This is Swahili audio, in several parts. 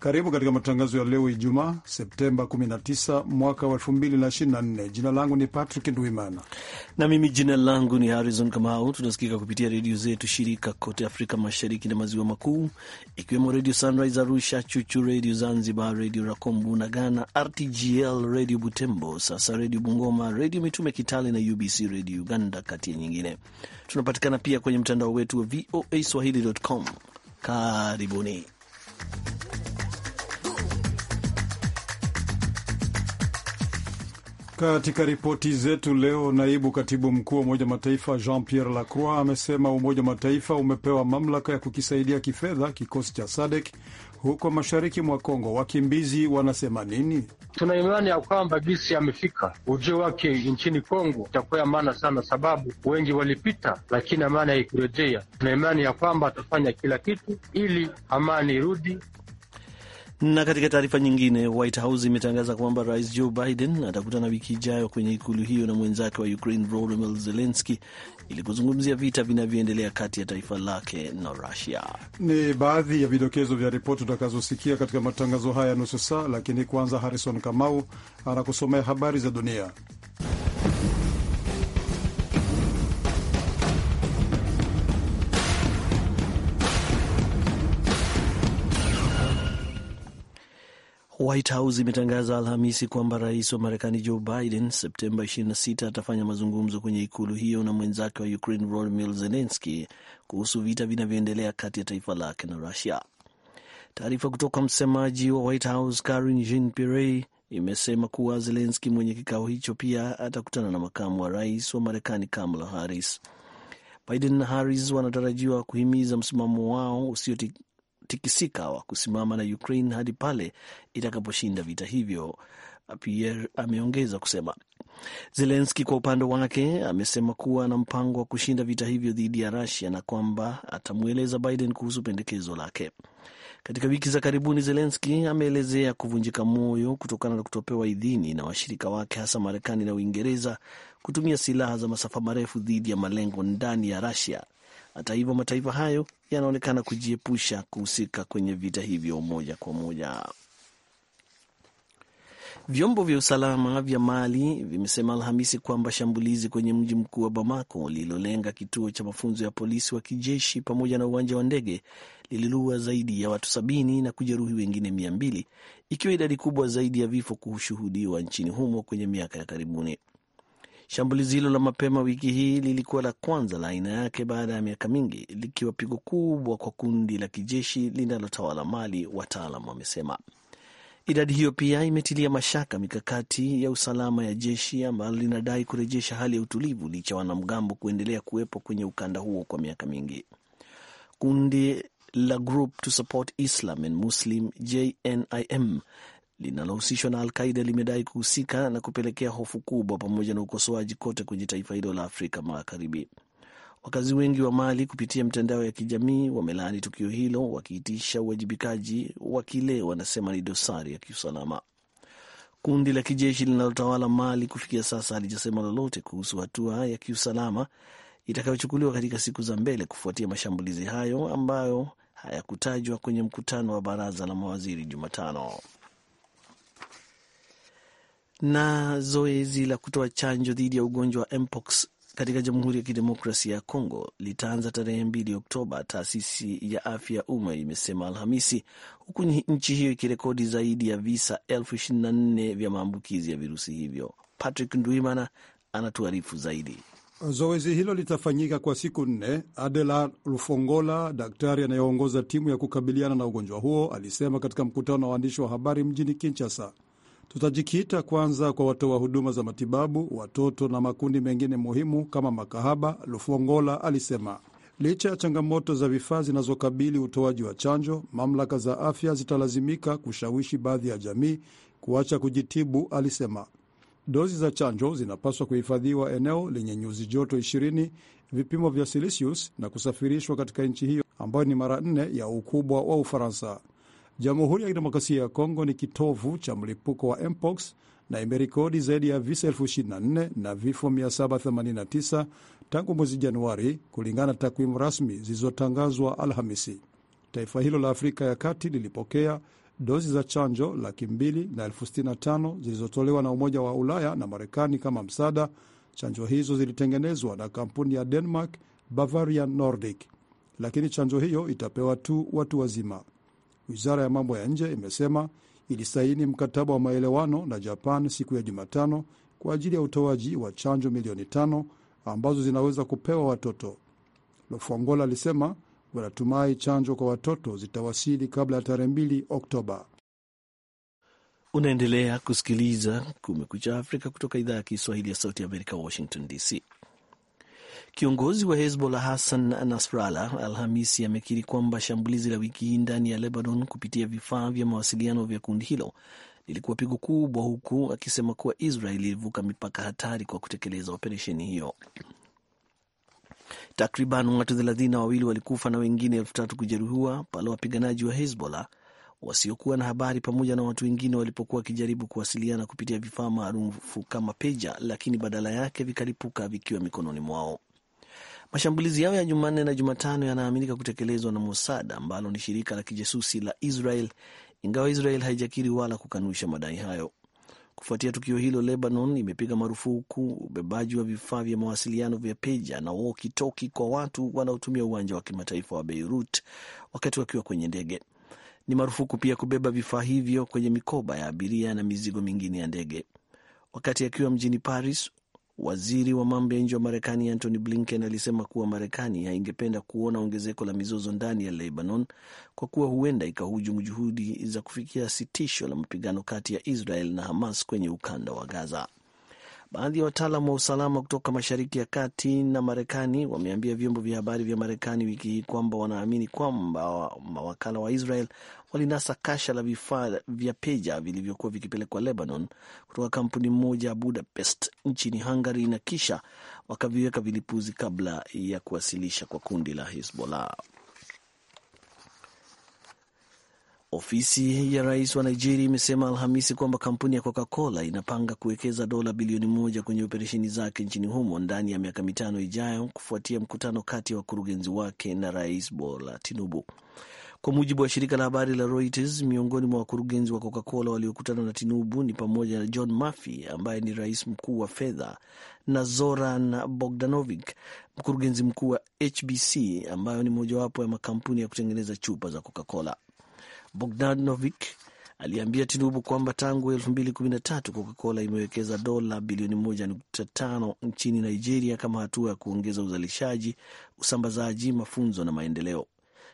Karibu katika matangazo ya leo Ijumaa, Septemba 19 mwaka wa 2024. Jina langu ni Patrick Ndwimana na mimi jina langu ni Harrison Kamau. Tunasikika kupitia redio zetu shirika kote Afrika Mashariki na Maziwa Makuu, ikiwemo Redio Sunrise Arusha, Chuchu Redio Zanzibar, Redio Rakombu na Ghana, RTGL Redio Butembo, Sasa Redio Bungoma, Redio Mitume Kitale na UBC Redio Uganda, kati ya nyingine. Tunapatikana pia kwenye mtandao wetu wa VOA Swahili.com. Karibuni. Katika ripoti zetu leo, naibu katibu mkuu wa Umoja Mataifa Jean Pierre Lacroix amesema Umoja Mataifa umepewa mamlaka ya kukisaidia kifedha kikosi cha SADEK huko mashariki mwa Kongo. Wakimbizi wanasema nini? Tuna imani ya kwamba gisi amefika ujio wake nchini Kongo itakuwa ya maana sana, sababu wengi walipita, lakini amani haikurejea. Tuna imani ya kwamba atafanya kila kitu ili amani irudi na katika taarifa nyingine, White House imetangaza kwamba Rais Joe Biden atakutana wiki ijayo kwenye ikulu hiyo na mwenzake wa Ukraine Volodymyr Zelensky ili kuzungumzia vita vinavyoendelea kati ya taifa lake na Russia. Ni baadhi ya vidokezo vya ripoti utakazosikia katika matangazo haya nusu saa, lakini kwanza Harrison Kamau anakusomea habari za dunia. White House imetangaza Alhamisi kwamba rais wa Marekani Joe Biden Septemba 26 atafanya mazungumzo kwenye ikulu hiyo na mwenzake wa Ukraine Volodymyr Zelensky kuhusu vita vinavyoendelea kati ya taifa lake na Russia. Taarifa kutoka msemaji wa White House Karine Jean-Pierre imesema kuwa Zelensky mwenye kikao hicho pia atakutana na makamu wa rais wa Marekani Kamala Harris. Biden na Harris wanatarajiwa kuhimiza msimamo wao kutikisika wa kusimama na Ukraine hadi pale itakaposhinda vita hivyo, Pierre ameongeza kusema. Zelenski kwa upande wake amesema kuwa ana mpango wa kushinda vita hivyo dhidi ya rasia na kwamba atamweleza Biden kuhusu pendekezo lake. Katika wiki za karibuni, Zelenski ameelezea kuvunjika moyo kutokana na kutopewa idhini na washirika wake hasa Marekani na Uingereza kutumia silaha za masafa marefu dhidi ya malengo ndani ya rasia hata hivyo, mataifa hayo yanaonekana kujiepusha kuhusika kwenye vita hivyo moja kwa moja. Vyombo vya usalama vya Mali vimesema Alhamisi kwamba shambulizi kwenye mji mkuu wa Bamako lililolenga kituo cha mafunzo ya polisi wa kijeshi pamoja na uwanja wa ndege lililua zaidi ya watu sabini na kujeruhi wengine mia mbili ikiwa idadi kubwa zaidi ya vifo kushuhudiwa nchini humo kwenye miaka ya karibuni. Shambulizi hilo la mapema wiki hii lilikuwa la kwanza la aina yake baada ya miaka mingi, likiwa pigo kubwa kwa kundi la kijeshi linalotawala Mali, wataalam wamesema. Idadi hiyo pia imetilia mashaka mikakati ya usalama ya jeshi ambalo linadai kurejesha hali ya utulivu licha wanamgambo kuendelea kuwepo kwenye ukanda huo kwa miaka mingi. Kundi la Group to Support Islam and Muslim JNIM linalohusishwa na Alqaida limedai kuhusika na kupelekea hofu kubwa pamoja na ukosoaji kote kwenye taifa hilo la Afrika Magharibi. Wakazi wengi wa Mali kupitia mtandao ya kijamii wamelaani tukio hilo, wakiitisha uwajibikaji wa kile wanasema ni dosari ya kiusalama. Kundi la kijeshi linalotawala Mali kufikia sasa halijasema lolote kuhusu hatua ya kiusalama itakayochukuliwa katika siku za mbele kufuatia mashambulizi hayo ambayo hayakutajwa kwenye mkutano wa baraza la mawaziri Jumatano na zoezi la kutoa chanjo dhidi ya ugonjwa wa mpox katika Jamhuri ya Kidemokrasia ya Kongo litaanza tarehe mbili Oktoba, taasisi ya afya ya umma imesema Alhamisi, huku nchi hiyo ikirekodi zaidi ya visa elfu ishirini na nne vya maambukizi ya virusi hivyo. Patrick Ndwimana anatuarifu zaidi. Zoezi hilo litafanyika kwa siku nne. Adela Rufongola, daktari anayeongoza timu ya kukabiliana na ugonjwa huo, alisema katika mkutano wa waandishi wa habari mjini Kinshasa. Tutajikita kwanza kwa watoa huduma za matibabu, watoto na makundi mengine muhimu kama makahaba, Lufongola alisema. Licha ya changamoto za vifaa zinazokabili utoaji wa chanjo, mamlaka za afya zitalazimika kushawishi baadhi ya jamii kuacha kujitibu, alisema. Dozi za chanjo zinapaswa kuhifadhiwa eneo lenye nyuzi joto 20 vipimo vya silisius na kusafirishwa katika nchi hiyo ambayo ni mara nne ya ukubwa wa Ufaransa. Jamhuri ya Kidemokrasia ya Kongo ni kitovu cha mlipuko wa mpox na imerekodi zaidi ya visa elfu 24 na vifo 789 tangu mwezi Januari, kulingana na takwimu rasmi zilizotangazwa Alhamisi. Taifa hilo la Afrika ya Kati lilipokea dozi za chanjo laki mbili na elfu sitini na tano zilizotolewa na Umoja wa Ulaya na Marekani kama msaada. Chanjo hizo zilitengenezwa na kampuni ya Denmark Bavarian Nordic, lakini chanjo hiyo itapewa tu watu wazima. Wizara ya mambo ya nje imesema ilisaini mkataba wa maelewano na Japan siku ya Jumatano kwa ajili ya utoaji wa chanjo milioni tano ambazo zinaweza kupewa watoto. Lofangola alisema wanatumai chanjo kwa watoto zitawasili kabla ya tarehe mbili Oktoba. Unaendelea kusikiliza Kumekucha Afrika kutoka idhaa ya Kiswahili ya Sauti ya Amerika, Washington DC. Kiongozi wa Hezbollah Hassan Nasrallah Alhamisi amekiri kwamba shambulizi la wiki hii ndani ya Lebanon kupitia vifaa vya mawasiliano vya kundi hilo lilikuwa pigo kubwa, huku akisema kuwa Israel ilivuka mipaka hatari kwa kutekeleza operesheni hiyo. Takriban watu thelathini na wawili walikufa na wengine elfu tatu kujeruhiwa pale wapiganaji wa Hezbollah wasiokuwa na habari pamoja na watu wengine walipokuwa wakijaribu kuwasiliana kupitia vifaa maarufu kama peja, lakini badala yake vikalipuka vikiwa mikononi mwao. Mashambulizi yao ya Jumanne na Jumatano yanaaminika kutekelezwa na Mossad ambalo ni shirika la kijasusi la Israel, ingawa Israel haijakiri wala kukanusha madai hayo. Kufuatia tukio hilo, Lebanon imepiga marufuku ubebaji wa vifaa vya mawasiliano vya peja na wokitoki kwa watu wanaotumia uwanja wa kimataifa wa Beirut wakati wakiwa kwenye ndege. Ni marufuku pia kubeba vifaa hivyo kwenye mikoba ya abiria na mizigo mingine ya ndege. Wakati akiwa mjini Paris, Waziri wa mambo ya nje wa Marekani Antony Blinken alisema kuwa Marekani haingependa kuona ongezeko la mizozo ndani ya Lebanon kwa kuwa huenda ikahujumu juhudi za kufikia sitisho la mapigano kati ya Israel na Hamas kwenye ukanda wa Gaza. Baadhi ya wataalam wa usalama kutoka Mashariki ya Kati na Marekani wameambia vyombo vya habari vya Marekani wiki hii kwamba wanaamini kwamba mawakala wa Israel walinasa kasha la vifaa vya peja vilivyokuwa vikipelekwa Lebanon kutoka kampuni moja ya Budapest nchini Hungary na kisha wakaviweka vilipuzi kabla ya kuwasilisha kwa kundi la Hezbollah. Ofisi ya rais wa Nigeria imesema Alhamisi kwamba kampuni ya Coca-Cola inapanga kuwekeza dola bilioni moja kwenye operesheni zake nchini humo ndani ya miaka mitano ijayo kufuatia mkutano kati ya wa wakurugenzi wake na rais Bola Tinubu. Kwa mujibu wa shirika la habari la Reuters, miongoni mwa wakurugenzi wa Coca-Cola waliokutana na Tinubu ni pamoja na John Murphy ambaye ni rais mkuu wa fedha na Zoran Bogdanovic, mkurugenzi mkuu wa HBC ambayo ni mojawapo ya makampuni ya kutengeneza chupa za Coca-Cola. Bogdanovic aliambia Tinubu kwamba tangu 2013 Coca-Cola imewekeza dola bilioni 1.5 nchini Nigeria kama hatua ya kuongeza uzalishaji, usambazaji, mafunzo na maendeleo.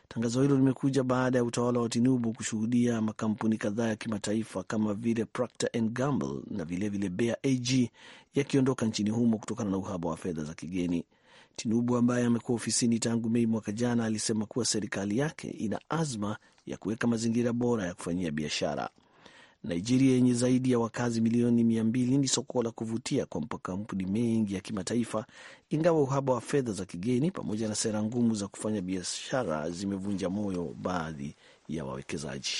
Tangazo hilo limekuja baada ya utawala wa Tinubu kushuhudia makampuni kadhaa ya kimataifa kama vile Procter and Gamble na vilevile Bear AG yakiondoka nchini humo kutokana na uhaba wa fedha za kigeni. Tinubu ambaye amekuwa ofisini tangu Mei mwaka jana alisema kuwa serikali yake ina azma ya kuweka mazingira bora ya kufanyia biashara. Nigeria yenye zaidi ya wakazi milioni mia mbili ni soko la kuvutia kwa makampuni mengi ya kimataifa, ingawa uhaba wa fedha za kigeni pamoja na sera ngumu za kufanya biashara zimevunja moyo baadhi ya wawekezaji.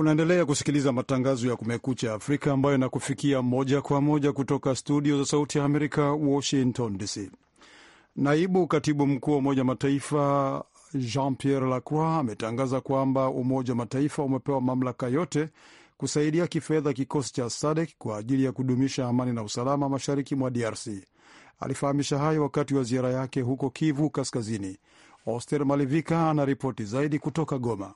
Unaendelea kusikiliza matangazo ya Kumekucha Afrika ambayo inakufikia moja kwa moja kutoka studio za Sauti ya Amerika, Washington DC. Naibu katibu mkuu wa Umoja Mataifa Jean Pierre Lacroix ametangaza kwamba Umoja wa Mataifa umepewa mamlaka yote kusaidia kifedha kikosi cha SADC kwa ajili ya kudumisha amani na usalama mashariki mwa DRC. Alifahamisha hayo wakati wa ziara yake huko Kivu Kaskazini. Oster Malivika anaripoti zaidi kutoka Goma.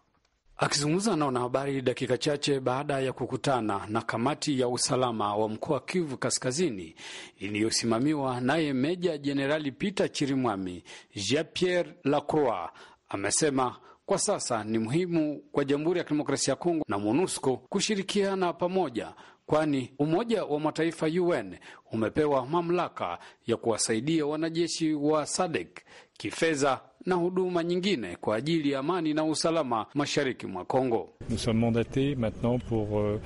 Akizungumza na wanahabari dakika chache baada ya kukutana na kamati ya usalama wa mkoa Kivu Kaskazini iliyosimamiwa naye Meja Jenerali Peter Chirimwami, Jean Pierre Lacroix amesema kwa sasa ni muhimu kwa Jamhuri ya Kidemokrasia ya Kongo na MONUSCO kushirikiana pamoja, kwani Umoja wa Mataifa UN umepewa mamlaka ya kuwasaidia wanajeshi wa SADC kifedha na huduma nyingine kwa ajili ya amani na usalama mashariki mwa Kongo. Euh,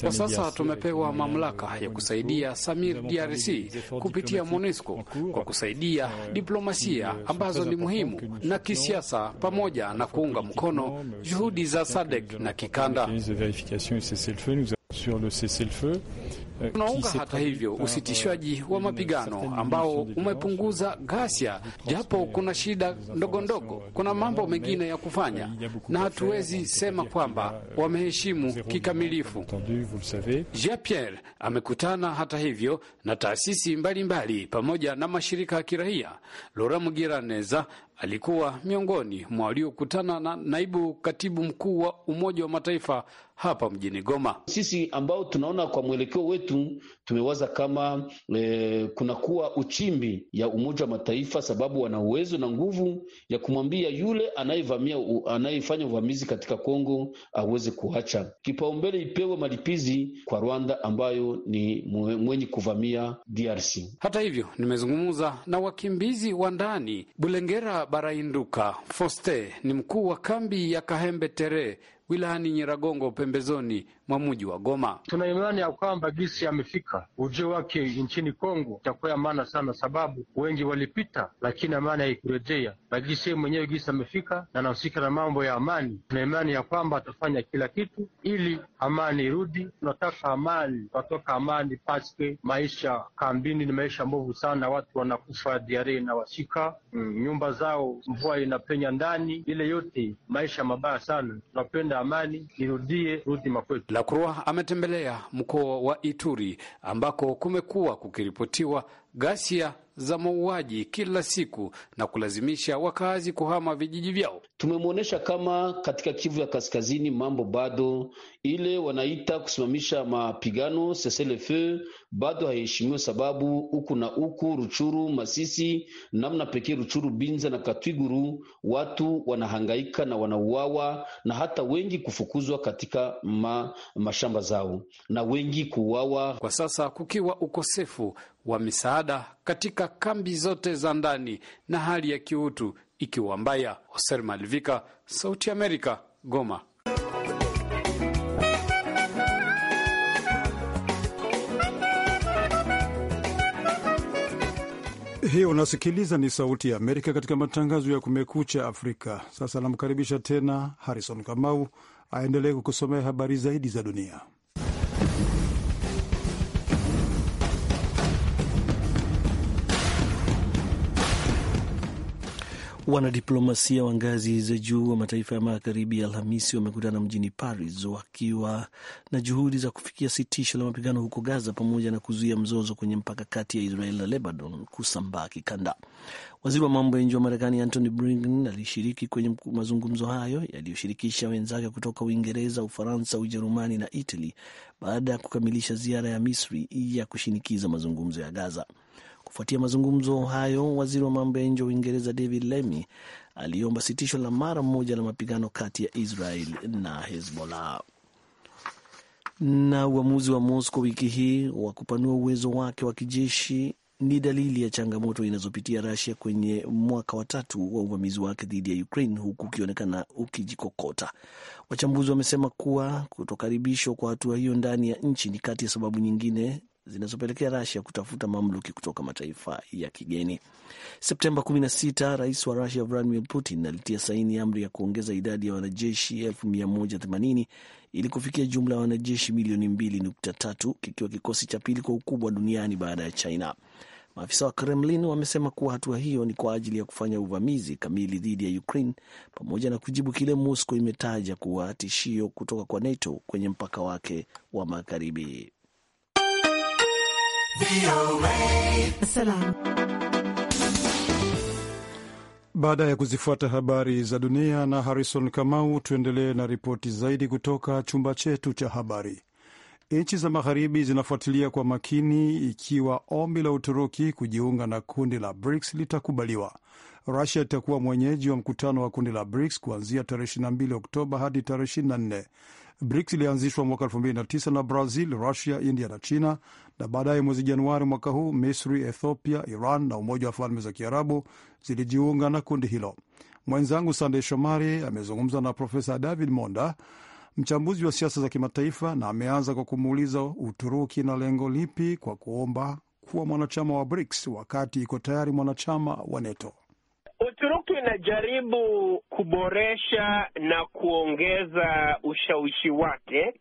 kwa sasa tumepewa mamlaka ya kusaidia Samir DRC kupitia MONUSCO kwa kusaidia euh, diplomasia euh, ambazo ni muhimu na kisiasa, pamoja na kuunga mkono juhudi za SADC na kikanda. Euh, Unaunga hata hivyo usitishwaji wa euh, mapigano ambao umepunguza ghasia, euh, japo kuna shida ndogo ndogo, kuna mambo mengine ya kufanya, na hatuwezi sema kwamba wameheshimu kikamilifu. Jean Pierre amekutana hata hivyo na taasisi mbalimbali mbali, pamoja na mashirika ya kiraia. Lora Mugiraneza alikuwa miongoni mwa waliokutana na naibu katibu mkuu wa Umoja wa Mataifa hapa mjini Goma. Sisi ambao tunaona kwa mwelekeo wetu tumewaza kama e, kunakuwa uchimbi ya Umoja wa Mataifa, sababu wana uwezo na nguvu ya kumwambia yule anayevamia anayefanya uvamizi katika Kongo aweze kuacha. Kipaumbele ipewe malipizi kwa Rwanda ambayo ni mwenye kuvamia DRC. Hata hivyo, nimezungumza na wakimbizi wa ndani Bulengera Barainduka Foste ni mkuu wa kambi ya Kahembe Tere wilayani Nyiragongo pembezoni mwa mji wa Goma. Tuna imani ya kwamba gisi amefika, ujio wake nchini Kongo itakuwa maana sana, sababu wengi walipita, lakini amani haikurejea. Bagisi yeye mwenyewe gisi amefika na anahusika na mambo ya amani, tuna imani ya kwamba atafanya kila kitu ili amani irudi. Tunataka amani, tunataka amani paske maisha kambini ni maisha mbovu sana, watu wanakufa diare na washika mm, nyumba zao, mvua inapenya ndani, ile yote maisha mabaya sana. Tunapenda amani irudie, rudi makwetu. Ndakurwa ametembelea mkoa wa Ituri ambako kumekuwa kukiripotiwa ghasia za mauaji kila siku na kulazimisha wakazi kuhama vijiji vyao. Tumemwonyesha kama katika Kivu ya Kaskazini mambo bado ile wanaita kusimamisha mapigano cessez bado haiheshimiwe, sababu huku na huku Ruchuru, Masisi, namna pekee Ruchuru, Binza na Katwiguru, watu wanahangaika na wanauawa na hata wengi kufukuzwa katika ma, mashamba zao na wengi kuuawa, kwa sasa kukiwa ukosefu wa misaada katika kambi zote za ndani na hali ya kiutu ikiwa mbaya. Hoser Malivika, Sauti Amerika, Goma. Hii unasikiliza ni Sauti ya Amerika katika matangazo ya Kumekucha Afrika. Sasa anamkaribisha tena Harrison Kamau aendelee kukusomea habari zaidi za dunia. Wanadiplomasia wa ngazi za juu wa mataifa ya magharibi ya Alhamisi wamekutana mjini Paris wakiwa na juhudi za kufikia sitisho la mapigano huko Gaza pamoja na kuzuia mzozo kwenye mpaka kati ya Israel na Lebanon kusambaa kikanda. Waziri wa mambo ya nje wa Marekani Antony Blinken alishiriki kwenye mazungumzo hayo yaliyoshirikisha wenzake kutoka Uingereza, Ufaransa, Ujerumani na Italy baada ya kukamilisha ziara ya Misri ya kushinikiza mazungumzo ya Gaza. Kufuatia mazungumzo hayo, waziri wa mambo ya nje wa Uingereza David Lammy aliomba sitisho la mara moja la mapigano kati ya Israel na Hezbollah. Na uamuzi wa Moscow wiki hii wa kupanua uwezo wake wa kijeshi ni dalili ya changamoto inazopitia Russia kwenye mwaka wa tatu wa uvamizi wake dhidi ya Ukraine, huku ukionekana ukijikokota. Wachambuzi wamesema kuwa kutokaribishwa kwa hatua hiyo ndani ya nchi ni kati ya sababu nyingine zinazopelekea Russia kutafuta mamluki kutoka mataifa ya kigeni. Septemba 16 rais wa Rusia Vladimir Putin alitia saini amri ya kuongeza idadi ya wanajeshi 180 ili kufikia jumla ya wanajeshi milioni 2.3 kikiwa kikosi cha pili kwa ukubwa duniani baada ya China. Maafisa wa Kremlin wamesema kuwa hatua hiyo ni kwa ajili ya kufanya uvamizi kamili dhidi ya Ukraine pamoja na kujibu kile Moscow imetaja kuwa tishio kutoka kwa NATO kwenye mpaka wake wa magharibi. Baada ya kuzifuata habari za dunia na Harrison Kamau, tuendelee na ripoti zaidi kutoka chumba chetu cha habari. Nchi za magharibi zinafuatilia kwa makini ikiwa ombi la Uturuki kujiunga na kundi la BRICS litakubaliwa. Rusia itakuwa mwenyeji wa mkutano wa kundi la BRICS kuanzia tarehe 22 Oktoba hadi tarehe 24. BRICS ilianzishwa mwaka 2009 na Brazil, Russia, India na China, na baadaye mwezi Januari mwaka huu Misri, Ethiopia, Iran na Umoja wa Falme za Kiarabu zilijiunga na kundi hilo. Mwenzangu Sandey Shomari amezungumza na Profesa David Monda, mchambuzi wa siasa za kimataifa, na ameanza kwa kumuuliza Uturuki na lengo lipi kwa kuomba kuwa mwanachama wa BRICS wakati iko tayari mwanachama wa NATO inajaribu kuboresha na kuongeza ushawishi wake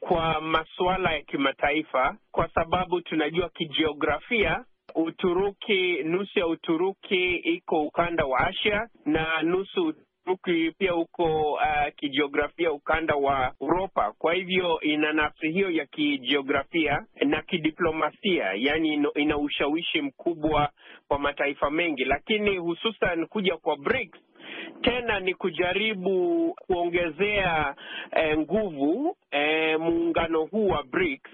kwa masuala ya kimataifa, kwa sababu tunajua kijiografia Uturuki, nusu ya Uturuki iko ukanda wa Asia na nusu Uturuki pia huko uh, kijiografia ukanda wa Uropa. Kwa hivyo ina nafsi hiyo ya kijiografia na kidiplomasia, yaani ina ushawishi mkubwa kwa mataifa mengi, lakini hususan kuja kwa BRICS tena ni kujaribu kuongezea eh, nguvu eh, muungano huu wa BRICS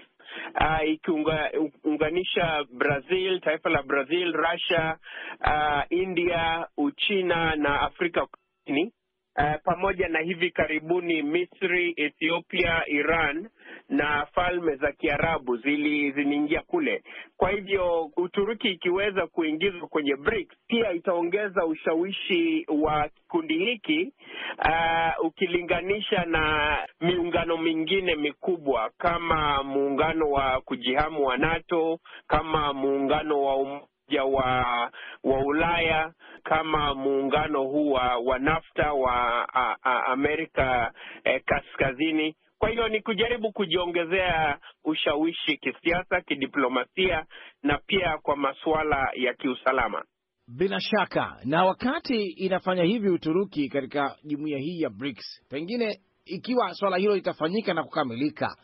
Uh, ikiunganisha Brazil, taifa la Brazil, Russia, uh, India, Uchina na Afrika Marekani uh, pamoja na hivi karibuni Misri, Ethiopia, Iran na falme za Kiarabu ziliingia kule. Kwa hivyo Uturuki ikiweza kuingizwa kwenye BRICS, pia itaongeza ushawishi wa kikundi hiki uh, ukilinganisha na miungano mingine mikubwa kama muungano wa kujihamu wa NATO, kama muungano wa um Umoja wa wa Ulaya kama muungano huu wa, wa NAFTA wa a, a, Amerika e, Kaskazini. Kwa hiyo ni kujaribu kujiongezea ushawishi kisiasa, kidiplomasia na pia kwa masuala ya kiusalama. Bila shaka, na wakati inafanya hivi Uturuki katika jumuiya hii ya BRICS, pengine ikiwa swala hilo litafanyika na kukamilika,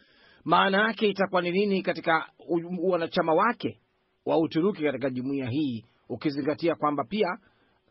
maana yake itakuwa ni nini katika wanachama wake? wa Uturuki katika jumuiya hii, ukizingatia kwamba pia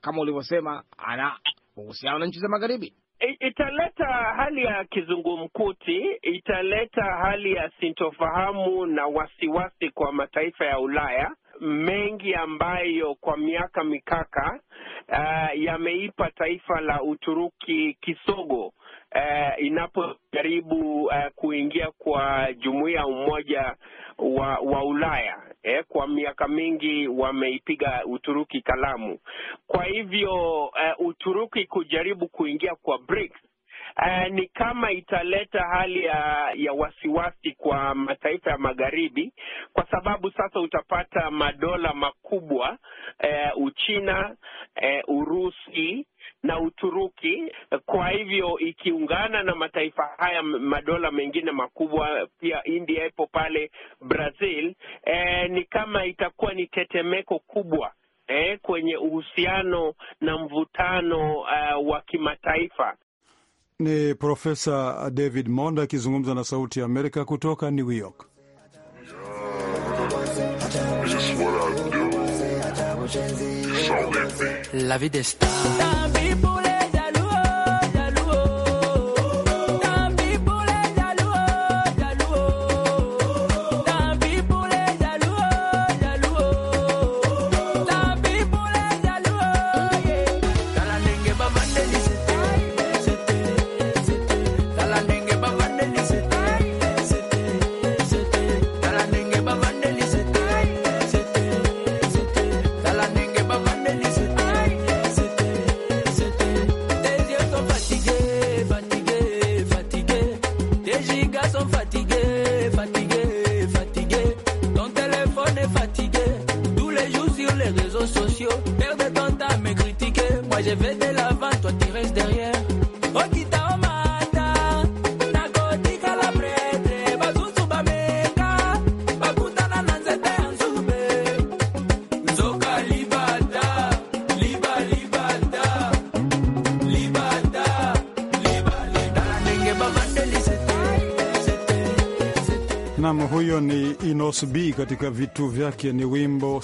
kama ulivyosema ana uhusiano na nchi za magharibi. Italeta hali ya kizungumkuti, italeta hali ya sintofahamu na wasiwasi kwa mataifa ya Ulaya mengi ambayo kwa miaka mikaka uh, yameipa taifa la Uturuki kisogo uh, inapojaribu uh, kuingia kwa jumuiya Umoja wa, wa Ulaya eh, kwa miaka mingi wameipiga Uturuki kalamu. Kwa hivyo uh, Uturuki kujaribu kuingia kwa BRICS eh, ni kama italeta hali ya, ya wasiwasi kwa mataifa ya magharibi, kwa sababu sasa utapata madola makubwa eh, Uchina eh, Urusi na Uturuki. Kwa hivyo ikiungana na mataifa haya madola mengine makubwa, pia India ipo pale, Brazil eh, ni kama itakuwa ni tetemeko kubwa eh, kwenye uhusiano na mvutano uh, wa kimataifa. Ni Profesa David Monda akizungumza na Sauti ya Amerika kutoka New York. Yeah,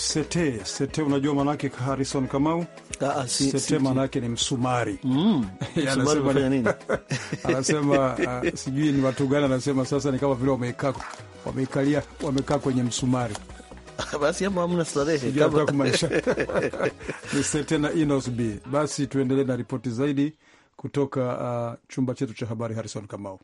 sete sete, unajua manake Harrison Kamau Aa, ah, ah, si, sete si, ni msumari mm, anasema, anasema uh, sijui ni watu gani, anasema sasa ni kama vile wamekaa wamekalia wamekaa kwenye msumari basi ama hamna starehe kama kumaanisha ni sete na Inos B. Basi tuendelee na ripoti zaidi kutoka uh, chumba chetu cha habari. Harrison Kamau.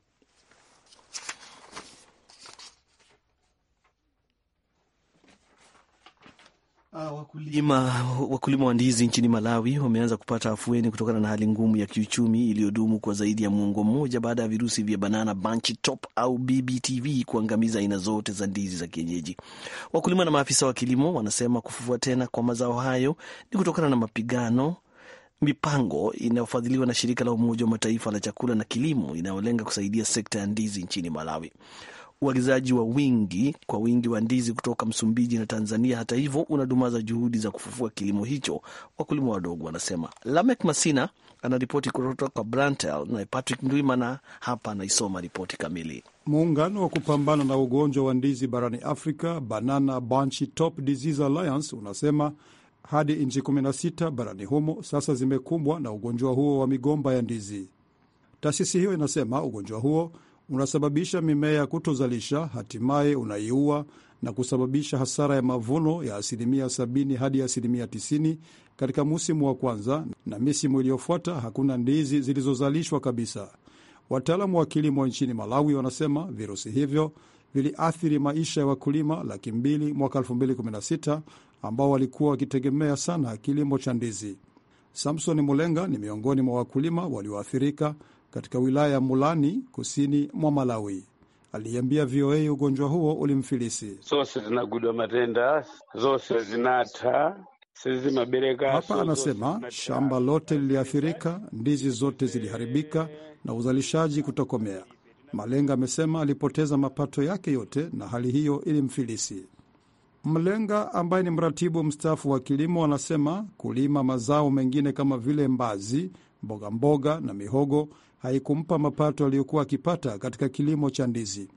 Ah, wakulima, wakulima wa ndizi nchini Malawi wameanza kupata afueni kutokana na hali ngumu ya kiuchumi iliyodumu kwa zaidi ya muongo mmoja baada ya virusi vya banana bunch top au BBTV kuangamiza aina zote za ndizi za kienyeji. Wakulima na maafisa wa kilimo wanasema kufufua tena kwa mazao hayo ni kutokana na mapigano mipango inayofadhiliwa na shirika la Umoja wa Mataifa la chakula na kilimo inayolenga kusaidia sekta ya ndizi nchini Malawi uagizaji wa wingi kwa wingi wa ndizi kutoka Msumbiji na Tanzania, hata hivyo, unadumaza juhudi za kufufua kilimo hicho, wakulima wadogo wanasema. Lamek Masina anaripoti kutoka Brantel, naye Patrick Ndwimana hapa anaisoma ripoti kamili. Muungano wa kupambana na ugonjwa wa ndizi barani Afrika, Banana Bunchy Top Disease Alliance, unasema hadi nchi 16 barani humo sasa zimekumbwa na ugonjwa huo wa migomba ya ndizi. Taasisi hiyo inasema ugonjwa huo unasababisha mimea kutozalisha, hatimaye unaiua na kusababisha hasara ya mavuno ya asilimia 7 hadi asilimia 90 katika musimu wa kwanza, na misimu iliyofuata hakuna ndizi zilizozalishwa kabisa. Wataalamu wa kilimo nchini Malawi wanasema virusi hivyo viliathiri maisha ya wakulima laki mbili mwaka 2016 ambao walikuwa wakitegemea sana kilimo cha ndizi. Samson Mulenga ni miongoni mwa wakulima walioathirika katika wilaya ya Mulani kusini mwa Malawi. Aliambia VOA ugonjwa huo ulimfilisi. Hapa anasema shamba lote liliathirika, ndizi zote ziliharibika na uzalishaji kutokomea. Malenga amesema alipoteza mapato yake yote na hali hiyo ilimfilisi. Mlenga ambaye ni mratibu mstaafu wa kilimo anasema kulima mazao mengine kama vile mbazi mboga mboga na mihogo haikumpa mapato aliyokuwa akipata katika kilimo cha ndizi,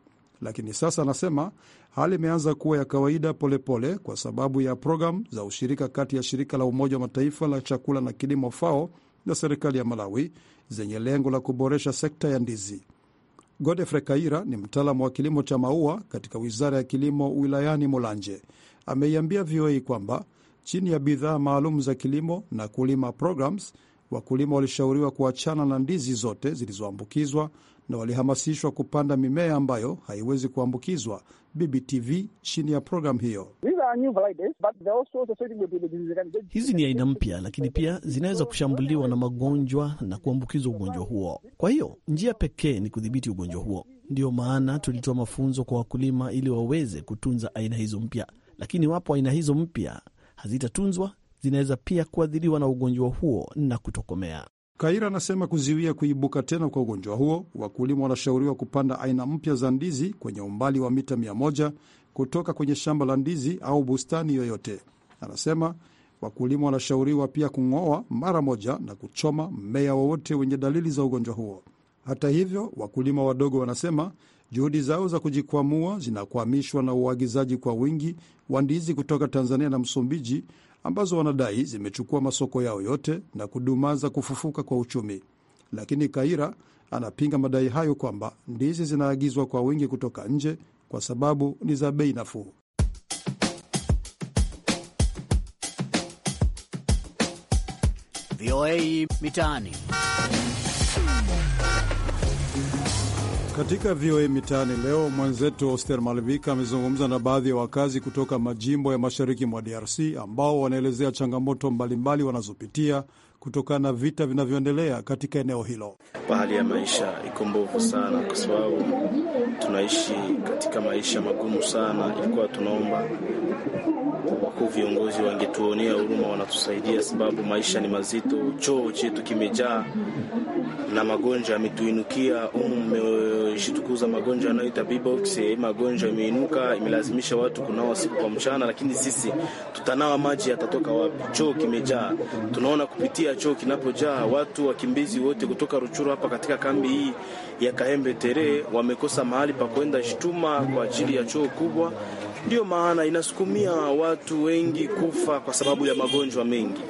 lakini sasa anasema hali imeanza kuwa ya kawaida polepole pole, kwa sababu ya programu za ushirika kati ya shirika la Umoja wa Mataifa la chakula na kilimo FAO na serikali ya Malawi zenye lengo la kuboresha sekta ya ndizi. Godfrey Kaira ni mtaalamu wa kilimo cha maua katika wizara ya kilimo wilayani Mulanje. Ameiambia VOA kwamba chini ya bidhaa maalum za kilimo na kulima programs Wakulima walishauriwa kuachana na ndizi zote zilizoambukizwa na walihamasishwa kupanda mimea ambayo haiwezi kuambukizwa BBTV chini ya programu hiyo. Hizi ni aina mpya, lakini pia zinaweza kushambuliwa na magonjwa na kuambukizwa ugonjwa huo. Kwa hiyo njia pekee ni kudhibiti ugonjwa huo. Ndiyo maana tulitoa mafunzo kwa wakulima ili waweze kutunza aina hizo mpya, lakini iwapo aina hizo mpya hazitatunzwa zinaweza pia kuathiriwa na ugonjwa huo na kutokomea. Kaira anasema kuziwia kuibuka tena kwa ugonjwa huo, wakulima wanashauriwa kupanda aina mpya za ndizi kwenye umbali wa mita mia moja kutoka kwenye shamba la ndizi au bustani yoyote. Anasema wakulima wanashauriwa pia kung'oa mara moja na kuchoma mmea wowote wenye dalili za ugonjwa huo. Hata hivyo, wakulima wadogo wanasema juhudi zao za kujikwamua zinakwamishwa na uagizaji kwa wingi wa ndizi kutoka Tanzania na Msumbiji ambazo wanadai zimechukua masoko yao yote na kudumaza kufufuka kwa uchumi. Lakini Kaira anapinga madai hayo kwamba ndizi zinaagizwa kwa wingi kutoka nje kwa sababu ni za bei nafuu. VOA Mitaani. Katika VOA Mitaani leo mwenzetu Oster Malvika amezungumza na baadhi ya wakazi kutoka majimbo ya mashariki mwa DRC ambao wanaelezea changamoto mbalimbali wanazopitia kutokana na vita vinavyoendelea katika eneo hilo. Hali ya maisha iko mbovu sana, kwa sababu tunaishi katika maisha magumu sana. Ilikuwa tunaomba Wakuu viongozi wangetuonea huruma, wanatusaidia sababu maisha ni mazito, choo chetu kimejaa na magonjwa yametuinukia Umu Mmeshitukuza magonjwa yanayoita Bbox, eh, magonjwa imeinuka, imelazimisha watu kunawa siku kwa mchana, lakini sisi tutanawa, maji yatatoka wapi? Choo kimejaa, tunaona kupitia choo kinapojaa. Watu wakimbizi wote kutoka Ruchuru hapa katika kambi hii ya Kahembe Tere wamekosa mahali pa kwenda, shtuma kwa ajili ya choo kubwa Ndiyo maana inasukumia watu wengi kufa kwa sababu ya magonjwa mengi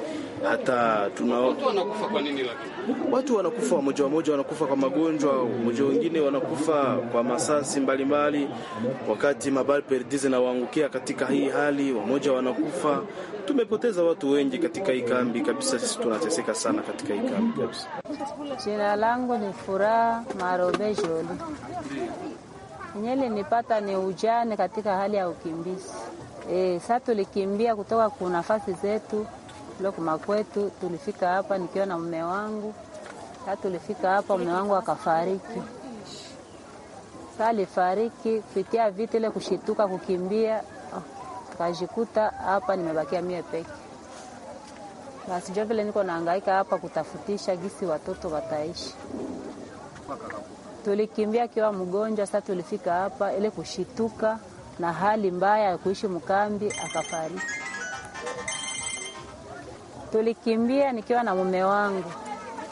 hata tuna watu wanakufa kwa nini? Lakini watu wanakufa wamoja wamoja, wanakufa kwa magonjwa moja, wengine wanakufa kwa masasi mbalimbali mbali. Wakati mabal perdize na waangukia katika hii hali, wamoja wanakufa. Tumepoteza watu wengi katika hii kambi kabisa, sisi tunateseka sana katika hii kambi kabisa. Jina langu ni Furaha Marobe Joli. Nyele nipata ni ujane katika hali ya ukimbizi. E, sa tulikimbia kutoka ku nafasi zetu lokuma kwetu, tulifika hapa nikiwa na mume wangu. Sa tulifika hapa mume wangu akafariki. saa alifariki kupitia vitu ile kushituka kukimbia, oh, tukajikuta hapa nimebakia mie peke. Basi jo vile niko nahangaika hapa kutafutisha gisi watoto wataishi tulikimbia akiwa mgonjwa. Sasa tulifika hapa ile kushituka na hali mbaya ya kuishi mkambi, akafariki. Tulikimbia nikiwa na mume wangu,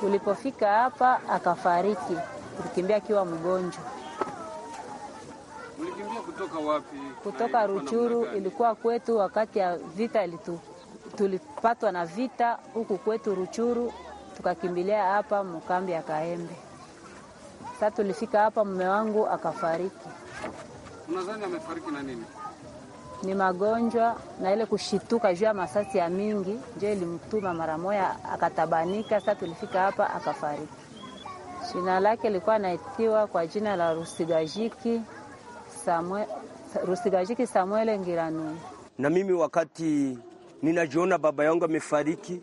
tulipofika hapa akafariki. Tulikimbia akiwa mgonjwa. Mlikimbia kutoka wapi? Kutoka Ruchuru. Ilikuwa kwetu wakati ya vita ilitu, tulipatwa na vita huku kwetu Ruchuru, tukakimbilia hapa mkambi ya Kaembe. Sasa tulifika hapa, mume wangu akafariki. Unadhani amefariki na nini? Ni magonjwa na ile kushituka juu ya masasi ya mingi, ndio ilimtuma mara moja akatabanika. Sasa tulifika hapa akafariki. Jina lake lilikuwa naitiwa kwa jina la Rusigajiki Samuel, Rusigajiki Samuele Ngiranu. Na mimi wakati ninajiona baba yangu amefariki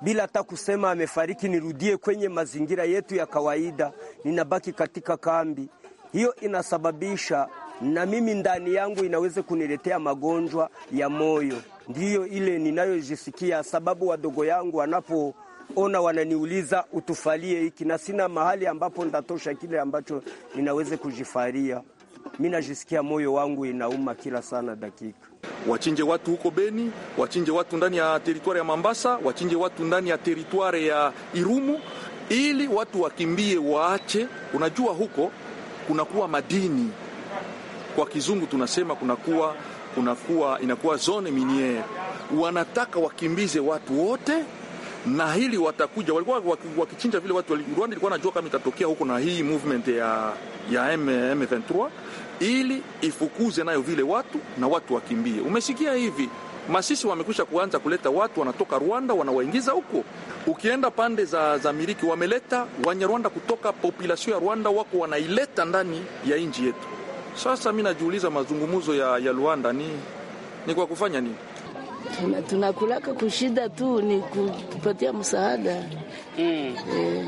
bila hata kusema amefariki, nirudie kwenye mazingira yetu ya kawaida, ninabaki katika kambi hiyo. Inasababisha na mimi ndani yangu inaweza kuniletea magonjwa ya moyo, ndiyo ile ninayojisikia, sababu wadogo yangu wanapo ona wananiuliza utufalie hiki na sina mahali ambapo ndatosha kile ambacho ninaweza kujifaria. Mi najisikia moyo wangu inauma kila sana dakika wachinje watu huko Beni, wachinje watu ndani ya teritwari ya Mambasa, wachinje watu ndani ya teritwari ya Irumu, ili watu wakimbie, waache. Unajua huko kunakuwa madini, kwa kizungu tunasema kunakuwa, kunakuwa inakuwa zone miniere. Wanataka wakimbize watu wote na hili watakuja, walikuwa wakichinja vile watu. Rwanda ilikuwa najua kama itatokea huko na hii movement ya, ya M23 ili ifukuze nayo vile watu na watu wakimbie. Umesikia hivi Masisi wamekwisha kuanza kuleta watu wanatoka Rwanda wanawaingiza huko. Ukienda pande za, za Miriki wameleta Wanyarwanda kutoka populasio ya Rwanda wako wanaileta ndani ya nchi yetu. Sasa mi najiuliza mazungumzo ya, ya Rwanda ni, ni kwa kufanya nini? Tunakulaka tuna kushida tu ni kutupatia msaada mm. E,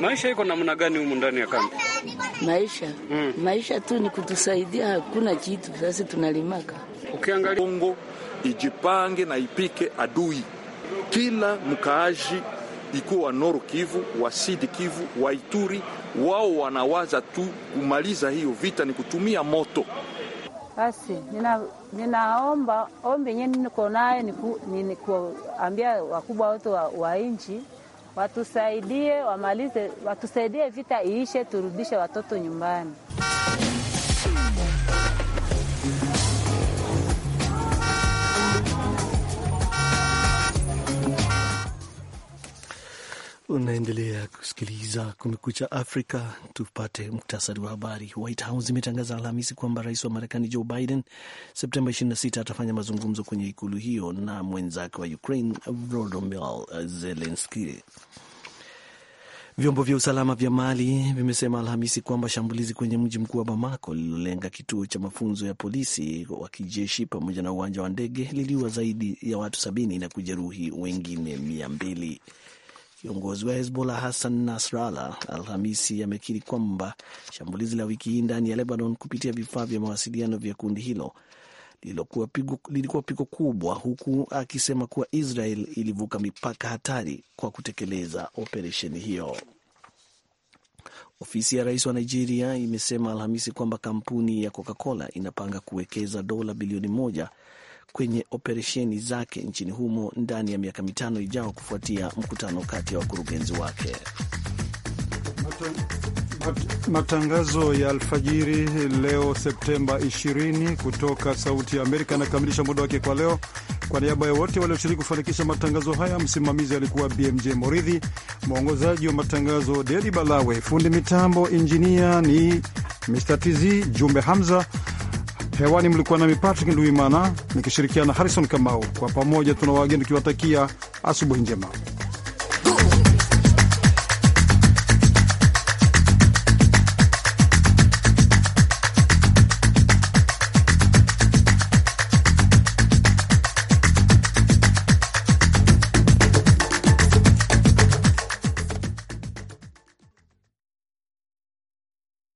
maisha iko namna gani humu ndani ya kambi? maisha mm. maisha tu ni kutusaidia, hakuna kitu. Sasa tunalimaka, ukiangalia Kongo ijipange na ipike adui, kila mkaaji iko wa noru Kivu, wa sidi Kivu, wa Ituri, wao wanawaza tu kumaliza hiyo vita ni kutumia moto. Basi nina, ninaomba ombi nyenye niko naye ni kuambia wakubwa wote wa, wa nchi watusaidie wamalize, watusaidie vita iishe, turudishe watoto nyumbani. Unaendelea kusikiliza Kumekucha Afrika. Tupate muktasari wa habari. White House imetangaza Alhamisi kwamba rais wa Marekani Joe Biden Septemba 26 atafanya mazungumzo kwenye ikulu hiyo na mwenzake wa Ukraine Volodymyr zelenski Vyombo vya usalama vya Mali vimesema Alhamisi kwamba shambulizi kwenye mji mkuu wa Bamako lililolenga kituo cha mafunzo ya polisi wa kijeshi pamoja na uwanja wa ndege liliua zaidi ya watu sabini na kujeruhi wengine mia mbili. Kiongozi wa Hezbollah Hassan Nasrallah Alhamisi amekiri kwamba shambulizi la wiki hii ndani ya Lebanon kupitia vifaa vya mawasiliano vya kundi hilo lilikuwa pigo kubwa, huku akisema kuwa Israel ilivuka mipaka hatari kwa kutekeleza operesheni hiyo. Ofisi ya rais wa Nigeria imesema Alhamisi kwamba kampuni ya Coca-Cola inapanga kuwekeza dola bilioni moja kwenye operesheni zake nchini humo ndani ya miaka mitano ijao kufuatia mkutano kati ya wakurugenzi wake. Matangazo ya alfajiri leo Septemba 20 kutoka Sauti ya Amerika yanakamilisha muda wake kwa leo. Kwa niaba ya wote walioshiriki kufanikisha matangazo haya, msimamizi alikuwa BMJ Moridhi, mwongozaji wa matangazo Dedi Balawe, fundi mitambo injinia ni Mr TZ Jumbe Hamza. Hewani mlikuwa nami Patrick Nduimana nikishirikiana na Harrison Kamau. Kwa pamoja tuna wageni tukiwatakia asubuhi njema.